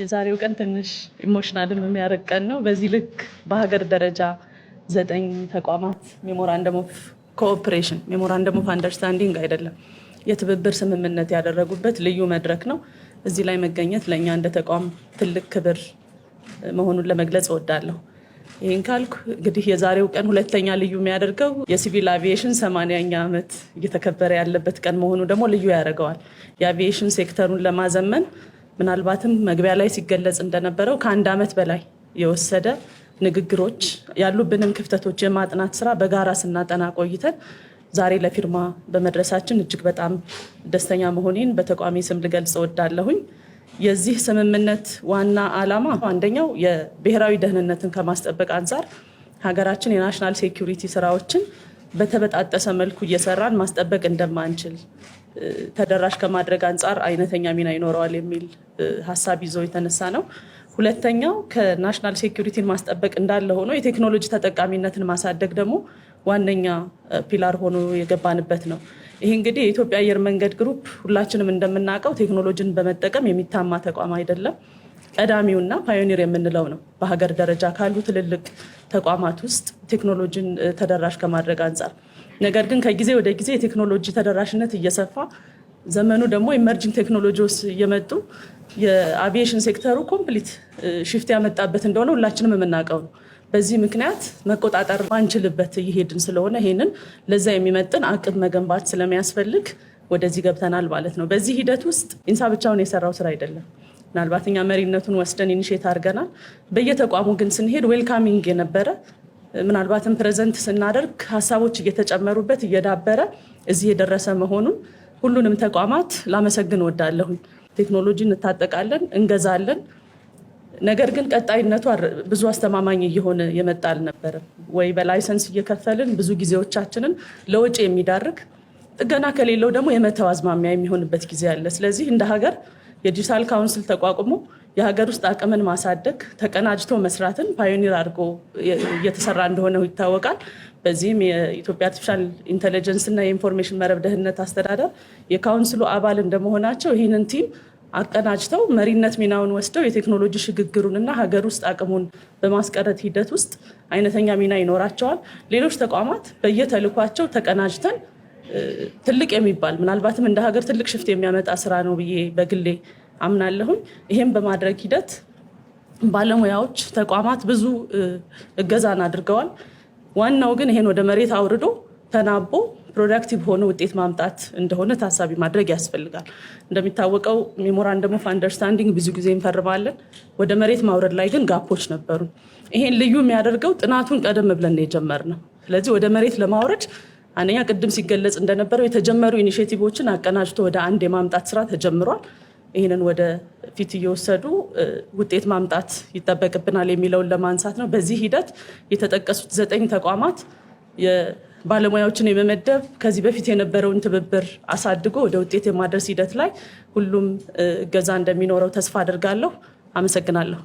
የዛሬው ቀን ትንሽ ኢሞሽናልም የሚያደርግ ቀን ነው። በዚህ ልክ በሀገር ደረጃ ዘጠኝ ተቋማት ሜሞራንደም ኦፍ ኮኦፕሬሽን ሜሞራንደም ኦፍ አንደርስታንዲንግ አይደለም የትብብር ስምምነት ያደረጉበት ልዩ መድረክ ነው። እዚህ ላይ መገኘት ለእኛ እንደ ተቋም ትልቅ ክብር መሆኑን ለመግለጽ እወዳለሁ። ይህን ካልኩ እንግዲህ የዛሬው ቀን ሁለተኛ ልዩ የሚያደርገው የሲቪል አቪዬሽን ሰማንያኛ ዓመት እየተከበረ ያለበት ቀን መሆኑ ደግሞ ልዩ ያደርገዋል። የአቪዬሽን ሴክተሩን ለማዘመን ምናልባትም መግቢያ ላይ ሲገለጽ እንደነበረው ከአንድ ዓመት በላይ የወሰደ ንግግሮች ያሉብንም ክፍተቶች የማጥናት ስራ በጋራ ስናጠና ቆይተን ዛሬ ለፊርማ በመድረሳችን እጅግ በጣም ደስተኛ መሆኔን በተቋሚ ስም ልገልጽ እወዳለሁኝ። የዚህ ስምምነት ዋና ዓላማ አንደኛው የብሔራዊ ደህንነትን ከማስጠበቅ አንጻር ሀገራችን የናሽናል ሴኪሪቲ ስራዎችን በተበጣጠሰ መልኩ እየሰራን ማስጠበቅ እንደማንችል ተደራሽ ከማድረግ አንጻር አይነተኛ ሚና ይኖረዋል የሚል ሀሳብ ይዞ የተነሳ ነው። ሁለተኛው ከናሽናል ሴኩሪቲን ማስጠበቅ እንዳለ ሆኖ የቴክኖሎጂ ተጠቃሚነትን ማሳደግ ደግሞ ዋነኛ ፒላር ሆኖ የገባንበት ነው። ይህ እንግዲህ የኢትዮጵያ አየር መንገድ ግሩፕ ሁላችንም እንደምናውቀው ቴክኖሎጂን በመጠቀም የሚታማ ተቋም አይደለም። ቀዳሚውና ፓዮኒር የምንለው ነው። በሀገር ደረጃ ካሉ ትልልቅ ተቋማት ውስጥ ቴክኖሎጂን ተደራሽ ከማድረግ አንጻር ነገር ግን ከጊዜ ወደ ጊዜ የቴክኖሎጂ ተደራሽነት እየሰፋ ዘመኑ ደግሞ ኢመርጂንግ ቴክኖሎጂዎች እየመጡ የአቪዬሽን ሴክተሩ ኮምፕሊት ሽፍት ያመጣበት እንደሆነ ሁላችንም የምናውቀው ነው። በዚህ ምክንያት መቆጣጠር ማንችልበት እየሄድን ስለሆነ ይሄንን ለዛ የሚመጥን አቅም መገንባት ስለሚያስፈልግ ወደዚህ ገብተናል ማለት ነው። በዚህ ሂደት ውስጥ ኢንሳ ብቻውን የሰራው ስራ አይደለም። ምናልባት እኛ መሪነቱን ወስደን ኢኒሽት አድርገናል። በየተቋሙ ግን ስንሄድ ዌልካሚንግ የነበረ ምናልባትም ፕሬዘንት ስናደርግ ሀሳቦች እየተጨመሩበት እየዳበረ እዚህ የደረሰ መሆኑን ሁሉንም ተቋማት ላመሰግን ወዳለሁኝ። ቴክኖሎጂ እንታጠቃለን፣ እንገዛለን። ነገር ግን ቀጣይነቱ ብዙ አስተማማኝ እየሆነ የመጣ አልነበረም ወይ በላይሰንስ እየከፈልን ብዙ ጊዜዎቻችንን ለውጭ የሚዳርግ ጥገና ከሌለው ደግሞ የመተው አዝማሚያ የሚሆንበት ጊዜ አለ። ስለዚህ እንደ ሀገር የዲጂታል ካውንስል ተቋቁሞ የሀገር ውስጥ አቅምን ማሳደግ፣ ተቀናጅቶ መስራትን ፓዮኒር አድርጎ እየተሰራ እንደሆነ ይታወቃል። በዚህም የኢትዮጵያ አርቲፊሻል ኢንቴሊጀንስ እና የኢንፎርሜሽን መረብ ደህንነት አስተዳደር የካውንስሉ አባል እንደመሆናቸው ይህንን ቲም አቀናጅተው መሪነት ሚናውን ወስደው የቴክኖሎጂ ሽግግሩን እና ሀገር ውስጥ አቅሙን በማስቀረት ሂደት ውስጥ አይነተኛ ሚና ይኖራቸዋል። ሌሎች ተቋማት በየተልኳቸው ተቀናጅተን ትልቅ የሚባል ምናልባትም እንደ ሀገር ትልቅ ሽፍት የሚያመጣ ስራ ነው ብዬ በግሌ አምናለሁኝ። ይህም በማድረግ ሂደት ባለሙያዎች፣ ተቋማት ብዙ እገዛን አድርገዋል። ዋናው ግን ይሄን ወደ መሬት አውርዶ ተናቦ ፕሮዳክቲቭ ሆነ ውጤት ማምጣት እንደሆነ ታሳቢ ማድረግ ያስፈልጋል። እንደሚታወቀው ሜሞራንደም ኦፍ አንደርስታንዲንግ ብዙ ጊዜ እንፈርማለን። ወደ መሬት ማውረድ ላይ ግን ጋፖች ነበሩ። ይሄን ልዩ የሚያደርገው ጥናቱን ቀደም ብለን ነው የጀመርነው። ስለዚህ ወደ መሬት ለማውረድ አንደኛ ቅድም ሲገለጽ እንደነበረው የተጀመሩ ኢኒሽቲቮችን አቀናጅቶ ወደ አንድ የማምጣት ስራ ተጀምሯል። ይህንን ወደ ፊት እየወሰዱ ውጤት ማምጣት ይጠበቅብናል የሚለውን ለማንሳት ነው። በዚህ ሂደት የተጠቀሱት ዘጠኝ ተቋማት ባለሙያዎችን የመመደብ ከዚህ በፊት የነበረውን ትብብር አሳድጎ ወደ ውጤት የማድረስ ሂደት ላይ ሁሉም እገዛ እንደሚኖረው ተስፋ አድርጋለሁ። አመሰግናለሁ።